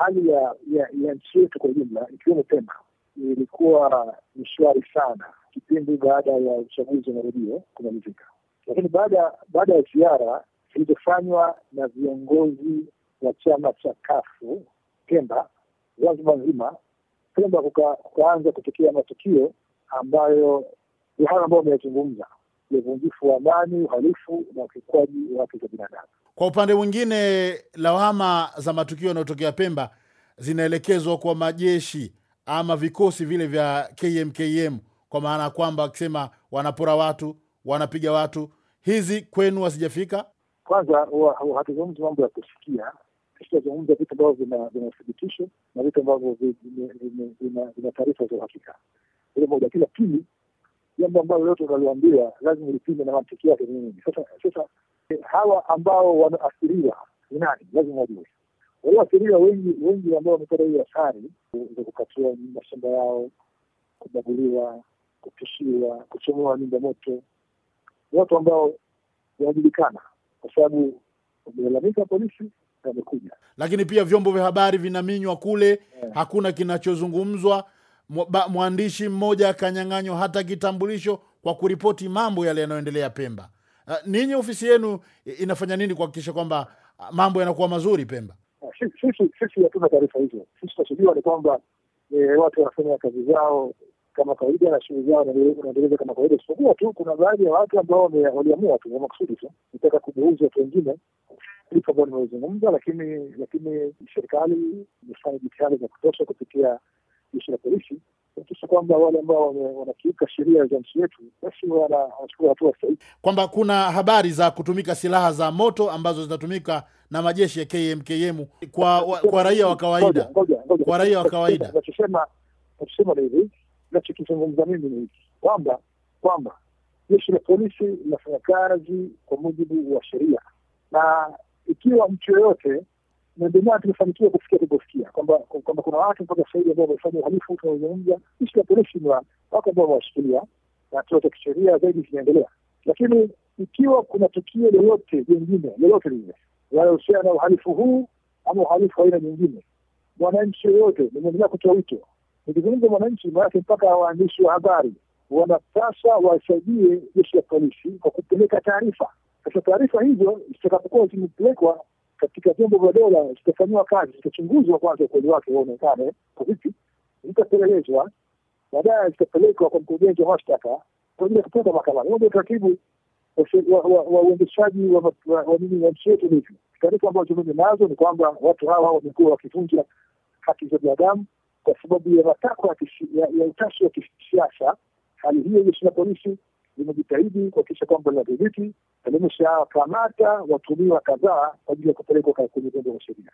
hali ya ya, ya nchi yetu kwa ujumla ikiwemo Pemba ilikuwa ni shwari sana kipindi baada ya uchaguzi wa marudio kumalizika, lakini baada baada ya ziara zilizofanywa na viongozi wa chama cha Kafu Pemba Zanzibar nzima, Pemba kukaanza kutokea matukio ambayo hayo ambayo ameyazungumza ya uvunjifu wa amani, uhalifu na ukiukwaji wa haki za binadamu. Kwa upande mwingine, lawama za matukio yanayotokea Pemba zinaelekezwa kwa majeshi ama vikosi vile vya KMKM, kwa maana ya kwamba wakisema wanapora watu, wanapiga watu. Hizi kwenu wasijafika? Kwanza hatuzungumzi mambo ya kusikia, tunazungumza vitu ambavyo vinathibitisho na vitu ambavyo vina taarifa za uhakika. Hilo moja. Kila pili, jambo ambalo leo tunaliambia lazima lipime na mantiki yake ni nini. sasa hawa ambao wanaathiriwa ni nani, lazima wajue. Walioathiriwa wengi wengi ambao wamepata hiyo athari za kukatiwa mashamba yao, kubaguliwa, kutishiwa, kuchomoa nyumba moto, ni watu ambao wanajulikana kwa sababu wamelalamika polisi wamekuja, lakini pia vyombo vya habari vinaminywa kule yeah. Hakuna kinachozungumzwa. Mwandishi mmoja akanyang'anywa hata kitambulisho kwa kuripoti mambo yale yanayoendelea Pemba. Ah, ninyi ofisi yenu inafanya nini kuhakikisha kwamba ah, mambo yanakuwa mazuri Pemba? Ah, sisi hatuna taarifa hizo. Sisi tunachojua ni kwamba eh, watu wanafanya kazi zao kama kawaida na shughuli zao naendeleza kama kawaida, isipokuwa tu kuna baadhi ya watu ambao waliamua tu kwa makusudi tu nitaka kubuuzi watu wengine kuliko ambao nimezungumza, lakini lakini serikali imefanya jitihada za kutosha kupitia jeshi la polisi kuhakikisha kwamba wale ambao wanakiuka sheria za nchi yetu basi wanachukua hatua stahiki. Kwamba kuna habari za kutumika silaha za moto ambazo zinatumika na majeshi ya KMKM kwa wa, kwa raia wa kawaida, kwa raia wa kawaida. Nachosema nachosema ni hivi, nachokizungumza mimi ni hivi kwamba kwamba jeshi la polisi linafanya kazi kwa mujibu wa sheria, na ikiwa mtu yoyote na ndio maana tumefanikiwa kufikia tulipofikia, kwamba kwamba kuna watu mpaka sasa hivi ambao wamefanya uhalifu tunaozungumza, ishi ya polisi wa wako ambao wamewashikilia na hatua za kisheria zaidi zinaendelea. Lakini ikiwa kuna tukio lolote jingine lolote lile linalohusiana na uhalifu huu ama uhalifu wa aina nyingine, mwananchi yoyote, nimeendelea kutoa wito. Nikizungumza mwananchi, maanake mpaka waandishi wa habari wanapaswa wasaidie jeshi la polisi kwa kupeleka taarifa. Sasa taarifa hizo zitakapokuwa zimepelekwa katika vyombo vya dola zitafanyiwa kazi, zitachunguzwa kwanza ukweli wake uonekane kwa vipi, zitapelelezwa baadaye, zitapelekwa kwa mkurugenzi wa mashtaka kwa ajili ya kupeleka mahakamani. Huo ndio utaratibu wa uendeshaji wa nini wa nchi yetu ilivyo. Taarifa ambazo mimi nazo ni kwamba watu hawa wamekuwa wakivunja haki za binadamu kwa sababu ya matakwa ya utashi wa kisiasa. Hali hiyo jeshi la polisi limejitahidi kuhakikisha kwamba linadhibiti tumeshawakamata watumiwa kadhaa kwa ajili ya kupelekwa kwenye vyombo vya sheria.